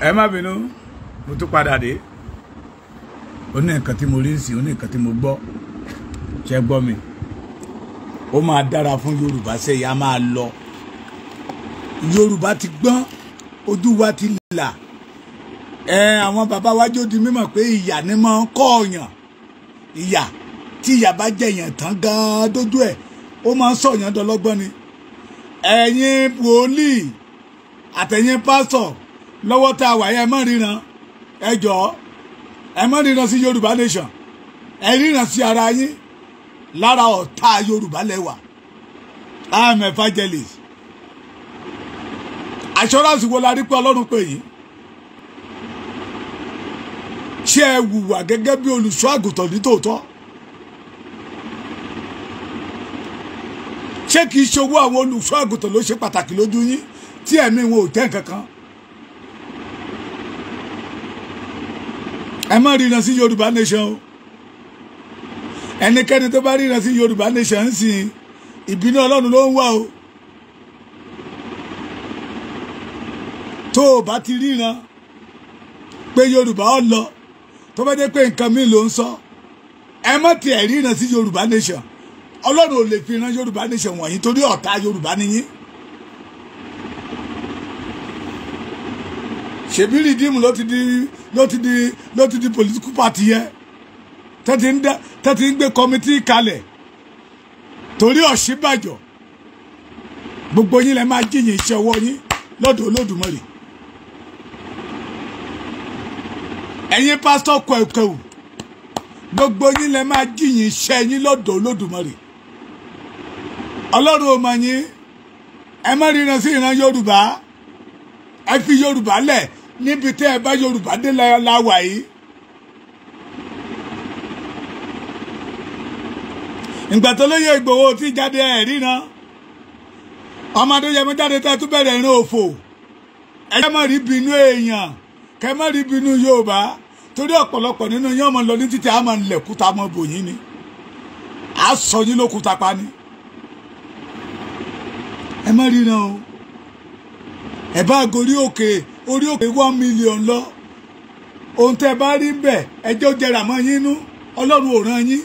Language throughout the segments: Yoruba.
ẹ má bínú mo tún padà dé ó ní nǹkan tí mo rí sí ó ní nǹkan tí mo gbọ́ ṣe gbọ́ mi ó máa dára fún Yorùbá sẹ́yìn a máa lọ Yorùbá ti gbọ́n ojú wa ti là ẹ àwọn bàbá wa jó di mímọ̀ pé ìyà ni máa ń kọ́ ọ̀yàn ìyà tí ìyà bá jẹ̀yàn tán gan-an dójú ẹ̀ ó máa ń sọ̀yàn dọlọ́gbọ́n ni ẹ̀yin wòlíì àtẹ̀yin pásọ̀ lọ́wọ́ tá a wà yẹn ẹ mọ́ ríran ẹ jọ̀ọ́ ẹ mọ́ ríran sí Yorùbá nation ẹ ríran sí ara yín lára ọ̀tá Yorùbá lẹ́wà I'm evangelist assurance wo la rí pé Ọlọ́run pè yín ṣé ẹ wùwà gẹ́gẹ́ bí olùṣọ́ àgùntàn ní tòótọ́ ṣé kìí ṣe owó àwọn olùṣọ́ àgùntàn ló ṣe pàtàkì lójú yín tí ẹ̀mí wọn ò tẹ́ nǹkan kan. ẹ má ríran sí yorùbá nation o ẹnikẹ́ni tó bá ríran sí yorùbá nation ń sìn ìbínú ọlọ́run ló ń wá o tó o bá ti ríran pé yorùbá ọ lọ tó bá jẹ́ pé nǹkan mi ló ń sọ ẹ má tiẹ̀ ríran sí yorùbá nation ọlọ́run ò lè fi ran yorùbá nation wọ̀nyí torí ọ̀tá yorùbá nìyí. ṣèbí rìdíìmù ló ti di ló ti di ló ti di political party yẹn tẹ́tí ń dá tẹ́tí ń gbé kọ́mítì kalẹ̀ torí Ọ̀ṣínbàjò gbogbo yín lẹ máa jíyìn iṣẹ́ ọwọ́ yín lọ́dọ̀ Olódùmarè ẹ̀yin pásítọ̀ kọ̀ọ̀kọ̀ọ̀ gbogbo yín lẹ máa jíyìn iṣẹ́ yín lọ́dọ̀ Olódùmarè ọlọ́run ò mọ̀ yín ẹ má ríran sí ìran Yorùbá ẹ fi Yorùbá lẹ̀ níbi tẹ́ ẹ bá Yorùbá dé láwà yìí ìgbà tó lóye Ìgbòho tí jáde ẹ̀ ríran ọmọ Adéyẹmí jáde tẹ́ tún bẹ̀rẹ̀ ìran òfò ẹ má rí bínú èèyàn kẹ má rí bínú Yorùbá torí ọ̀pọ̀lọpọ̀ nínú yín ọmọ lọ ní títí àmọ́ ńlẹ̀kúta ọmọ bòyín ni a sọ yín lókúta pa ni ẹ má ríran ẹ bá gorí òkè. Okay orí òkè one million lọ ohun tẹ́ bá rí bẹ̀ ẹjọ́ jẹrà mọ́ yín nú ọlọ́run ò ràn yín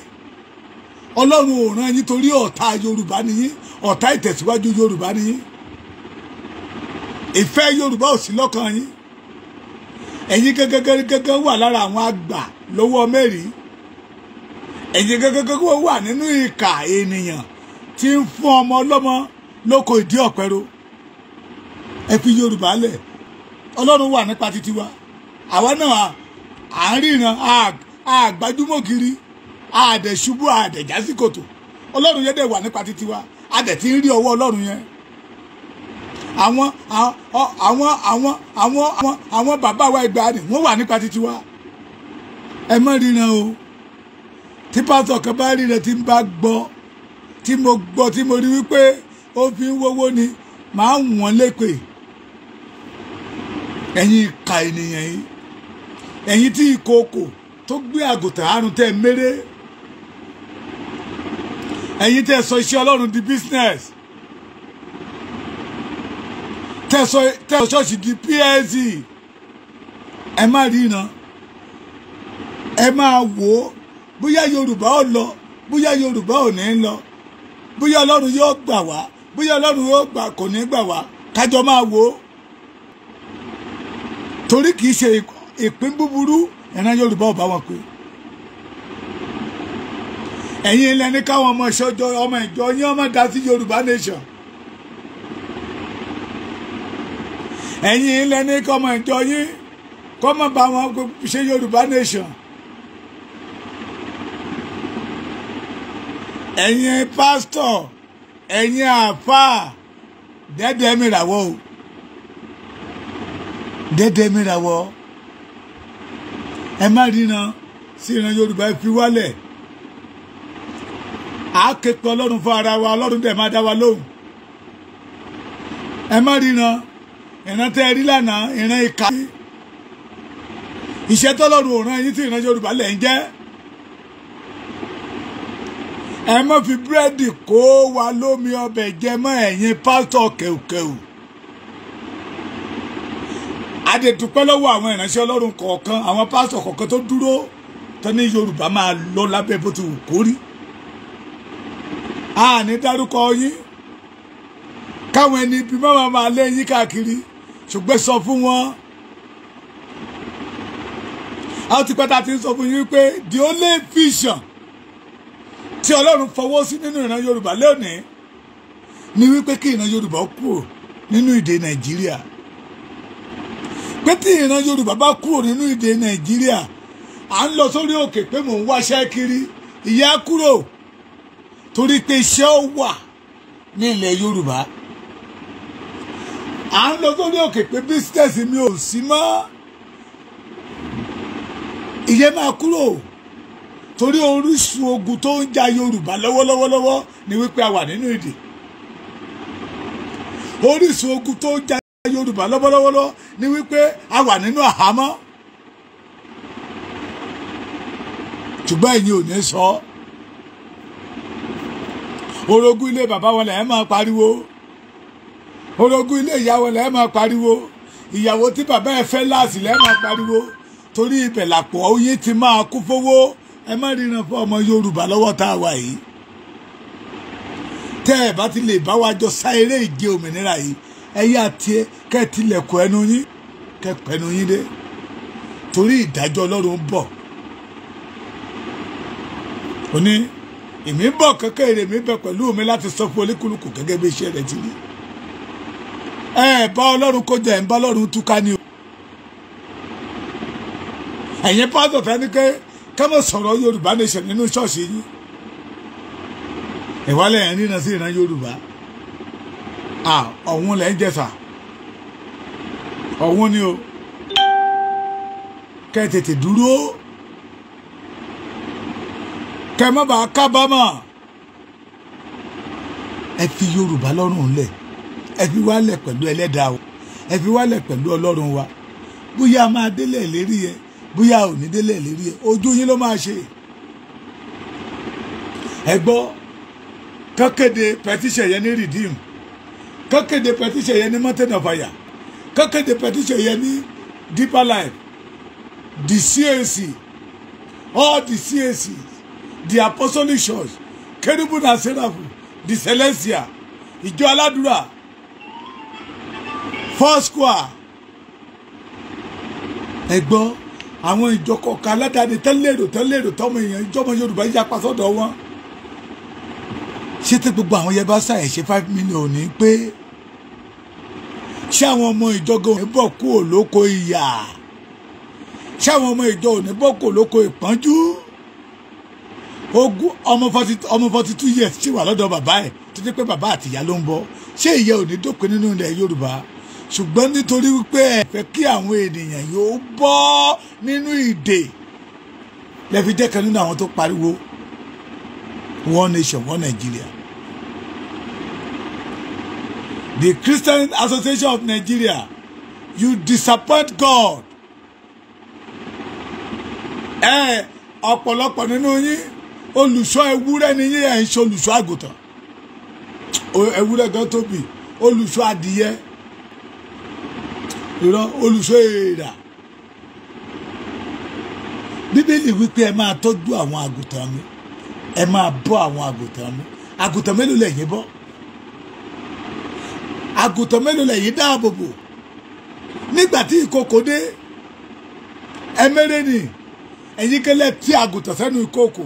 ọlọ́run ò ràn yín torí ọ̀tá yorùbá nìyín ọ̀tá ìtẹ̀síwájú yorùbá nìyín ìfẹ́ yorùbá ò sí lọ́kàn yín ẹ̀yin gẹ́gẹ́gẹ́gẹ́ wà lára àwọn àgbà lọ́wọ́ mẹ́rin ẹ̀yin gẹ́gẹ́gẹ́gẹ́ wà nínú ìkà ènìyàn tí ń fún ọmọ ọlọ́mọ lóko ìdí ọ̀pẹ́rọ ẹ fi yorùbá lẹ̀ ọlọ́run wà nípa títí wa àwa náà à ń ríran àgbájúmọ̀ kiri àdẹ̀ṣubú àdẹ̀jásíkòtò ọlọ́run yẹn dẹ̀ wà nípa títí wa àdẹ̀ tí ń rí ọwọ́ ọlọ́run yẹn àwọn àwọn àwọn àwọn àwọn àwọn bàbá wa ìgbà ni wọ́n wà nípa títí wa ẹ má ríran o tí pásítọ̀ kan bá ríran tí ń bá gbọ́ tí mo gbọ́ tí mo rí wípé ó fi ń wówó ni màá wọ́n lépè ẹ̀yin ìka ènìyàn yìí ẹ̀yin tí ìkookò tó gbé àgùntàn àrùn tẹ́ méré ẹ̀yin tẹ́ sọ iṣẹ́ ọlọ́run di business tẹ́ sọ ṣọ́ọ̀ṣì di psc e. ẹ má ríran ẹ máa wò ó bóyá yorùbá ò lọ bóyá yorùbá ò ní lọ bóyá ọlọ́run yóò gbà wá bóyá ọlọ́run yóò gbà kò ní gbà wá kájọ máa wò ó torí kì í ṣe ìpín búburú ẹ̀ràn yorùbá ọba wa pé ẹ̀yin ilẹ̀ ní káwọn ọmọ ìṣọ́jọ́ ọmọ ìjọ yín ọmọ dá sí yorùbá nation ẹ̀yin ilẹ̀ ní kọ́mọ ìjọ yín kọ́mọ bá wọn ṣe yorùbá nation ẹ̀yin pásítọ̀ ẹ̀yin àfáà dẹ́dẹ́ mìràwọ̀ o dẹ́dẹ́ mìràwọ̀ ẹ má ríran sí ìran yorùbá fi wálẹ̀ à á képe ọlọ́run fún ara wa ọlọ́run dẹ̀ máa dá wa lóhùn ẹ má ríran ìran tẹ́ rí lánàá ìran ìka iṣẹ́ tọ́lọ́run ò rán yín tí ìran yorùbá lẹ̀ ń jẹ́ ẹ má fi búrẹ́dì kó wa lómi ọbẹ̀ jẹ mọ́ ẹ̀yin pásítọ̀ kẹ̀ùkẹ̀ù a dẹ̀ dúpẹ́ lọ́wọ́ àwọn ìránṣẹ́ ọlọ́run kọ̀ọ̀kan àwọn pásítọ̀ kọ̀ọ̀kan tó dúró tó ní yorùbá máa lọ lábẹ́ bó ti wù kó rí a ní dárúkọ yín káwọn ẹni ibi máa máa lé yín káàkiri ṣùgbọ́n sọ fún wọn a ti pẹ́ ta ti ń sọ fún yín pé the only vision tí ọlọ́run fọwọ́ sí nínú ìran yorùbá lónìí ni wípé kí ìran yorùbá kúrò nínú ìdè nàìjíríà pé tí ìran Yorùbá bá kúrò nínú ìdè Nàìjíríà à ń lọ sórí òkè pé mò ń wáṣẹ́ kiri ìyá kúrò torí pé iṣẹ́ ó wà ní ilẹ̀ Yorùbá à ń lọ sórí òkè pé bísítẹ́sì mi ò sí mọ́ ìyẹn máa kúrò torí orísun ogun tó ń ja Yorùbá lọ́wọ́lọ́wọ́lọ́wọ́ ni wípé a wà nínú ìdè orísun ogun tó ń ja yorùbá lọ́wọ́lọ́wọ́ ni wípé a wà nínú àhámọ́ ṣùgbọ́n ẹ̀yin ò ní sọ orogún ilé bàbá wọn lẹ̀ ẹ́ máa pariwo orogún ilé ìyá wọn lẹ̀ ẹ́ máa pariwo ìyàwó tí bàbá ẹ fẹ́ láàsì lẹ́ máa pariwo torí ibẹ̀ làpọ̀ oyè ti máa kú fowó ẹ má ríran fún ọmọ yorùbá lọ́wọ́ tá a wà yìí tẹ́ ẹ bá ti lè bá wa jọ sá eré ìje òmìnira yìí ẹyẹ àti kẹtìlẹ̀kùn ẹnu yín kẹpẹnu yín dé torí ìdájọ́ ọlọ́run bọ̀ ó ní èmi bọ̀ kẹ́kẹ́ èrè mi bẹ̀ pẹ̀lú mi láti sọ fún olúkúlùkù gẹ́gẹ́ bí iṣẹ́ rẹ̀ ti rí ẹ bá ọlọ́run kó jẹ ń bá ọlọ́run túká ni o ẹ̀yin pásítọ̀ fẹ́ ni pé kẹ́mọ̀ sọ̀rọ̀ yorùbá nation nínú ṣọ́ọ̀ṣì yín ìwálẹ̀ ẹ̀ ń ríran sí ìran yorùbá à ọ̀hún lẹ́ ń jẹ̀sà ọ̀hún ni o kẹ́ tètè dúró kẹ́ má bàa kábàámọ̀ ẹ fi Yorùbá lọ́rùn lẹ̀ ẹ fi wálẹ̀ pẹ̀lú ẹlẹ́dàá o ẹ fi wálẹ̀ pẹ̀lú ọlọ́run wa bóyá a máa délẹ̀ lérí yẹ bóyá a ò ní délẹ̀ lérí yẹ ojú yín ló máa ṣe ẹ gbọ́ kákéde pẹtíṣẹ̀ yẹn ní rìdíìmù kán kéde petition yẹn ní mountain of fire kán kéde petition yẹn ní deeper life the CAC all the CAC the apostolic church kérúbù and seraphim the celestial ìjọ aládùúrà four square ẹ̀gbọ́n àwọn ìjọ kọ̀ọ̀kan aládàáni tẹ́lẹ̀rò tẹ́lẹ̀rò tọ́mọ èèyàn ìjọba yorùbá yíyá pasọ́dọ̀ wọn ṣé tí gbogbo àwọn yẹn bá ṣàyẹ̀ṣe five million ní pé ṣé àwọn ọmọ ìjọgọ òní bọ̀ kú òlóko ìyà ṣé àwọn ọmọ ìjọ òní bọ̀ kú òlóko ìpọ́njú ogun ọmọ forty two years ṣì wà lọ́dọ̀ bàbá ẹ̀ tó jẹ́ pé bàbá àtìyá ló ń bọ̀ ṣé ìyá òní dópin nínú ilẹ̀ Yorùbá ṣùgbọ́n nítorí wípé ẹ fẹ́ kí àwọn ènìyàn yóò bọ́ nínú ìdè lẹ́fi jẹ́ kan nínú àwọn tó pariwo one nation one Nigeria. The Christian Association of Nigeria, you disappoint God. Ẹ ọ̀pọ̀lọpọ̀ nínú yín olùṣọ́ ewúrẹ́ ni yín ẹ̀ ń ṣe olùṣọ́ àgùntàn. Ewúrẹ́ gan tóbi olùṣọ́ adìyẹ ìran olùṣọ́ èèrà. Bíbélì wípé ẹ máa tọ́jú àwọn àgùntàn mi ẹ máa bọ́ àwọn àgùntàn mi àgùntàn mélòó lẹ́yìn bọ́ àgùntàn mélòó lẹ̀yìn dáàbò bò nígbà tí ìkòkò dé ẹ̀mẹ́rẹ́ ni ẹ̀yìn kẹlẹ́ tí àgùntàn sẹ́nu ìkòkò.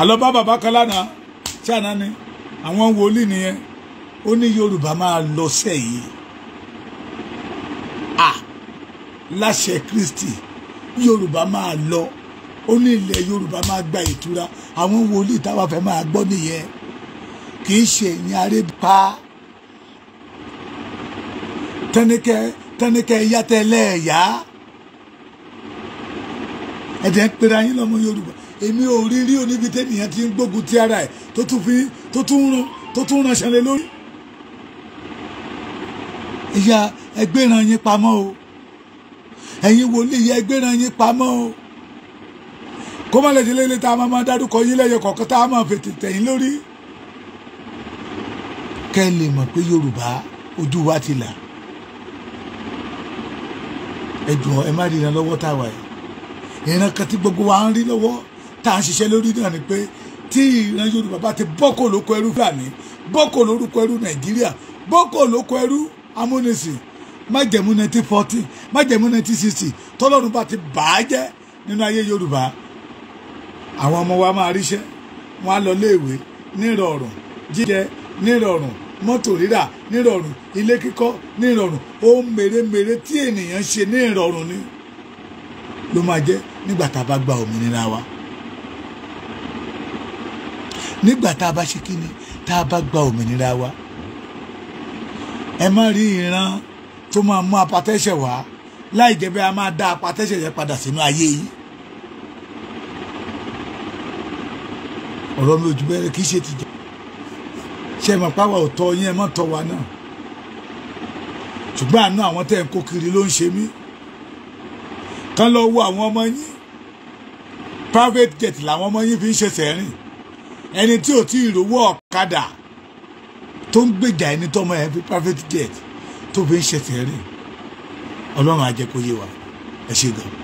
àlọ́ bá bàbá kan lánàá tí àná ni àwọn wòlíì nìyẹn ó ní Yorùbá máa lọ sẹ́yìn à láṣẹ Kristi Yorùbá máa lọ ó ní ilẹ̀ yorùbá máa gba ìtura àwọn wòlíì táwa fẹ́ máa gbọ́ nìyẹn kì í ṣe ìyìn arẹ́pá tẹnikẹ́ tẹnikẹ́ yàtẹ̀lẹ̀ ẹ̀yà ẹ̀jẹ̀ ń pera yín lọ́mọ yorùbá èmi ò rí rí oníbi tẹ́nìyàn ti ń gbógun ti ara ẹ̀ tó tún fi tó tún rún tó tún ránṣẹ́ lé lórí ìyá ẹgbẹ́ràn yín pamọ́ o ẹ̀yin wòlíì ìyá ẹgbẹ́ràn yín pamọ́ o kó má lè délé ilé tá a máa máa dárúkọ yín lẹ́yẹ kọ̀ọ̀kan tá a máa fètè tẹ̀yìn lórí kẹ́ ẹ lè mọ̀ pé Yorùbá ojú wa ti là ẹ jùlọ ẹ má ríran lọ́wọ́ tá a wà yìí ìran kan tí gbogbo wa ń rí lọ́wọ́ tá a ń ṣiṣẹ́ lórí náà ni pé tí ìran Yorùbá bá ti bọ́kò lóko ẹrú gbà bọ́kò lórúkọ ẹrú Nàìjíríà bọ́kò lóko ẹrú amúnisìn májẹ̀mú nineteen májẹ̀mú nineteen sixty tọ́lọ́run bá ti bàá jẹ́ nínú ayé Yorùbá àwọn ọmọ wa máa ríṣẹ́ wọ́n á lọ léèwé nírọ̀rùn jíjẹ nírọ̀rùn mọ́tò rírà nírọ̀rùn ilé kíkọ́ nírọ̀rùn ohun mèremère tí ènìyàn ṣe nírọ̀rùn ni ló máa jẹ́ nígbà tá a bá gba òmìnira wa nígbà tá a bá ṣe kí ni tá a bá gba òmìnira wa ẹ má rí ìran tó máa mú apatẹ́ṣẹ̀ wá láì jẹ́ bẹ́ẹ̀ a máa dá apatẹ́ṣẹ̀ yẹn padà sínú ayé yìí ọ̀rọ̀ mi ò jù bẹ́ẹ̀ kì í ṣe tìjà ṣe mọ̀ páwà ọ̀tọ̀ yín ẹ mọ̀ tọ̀ wá náà ṣùgbọ́n àná àwọn tẹ́ ń kó kiri ló ń ṣe mí kán lọ wo àwọn ọmọ yín private jet làwọn ọmọ yín fi ń ṣe sẹ́rìn ẹni tí ò tí ì rówó ọ̀kadà tó ń gbèjà ẹni tọ́mọ ẹ̀ fi private jet tó fi ń ṣe sẹ́rìn ọlọ́run á yé wa ẹ ṣé gan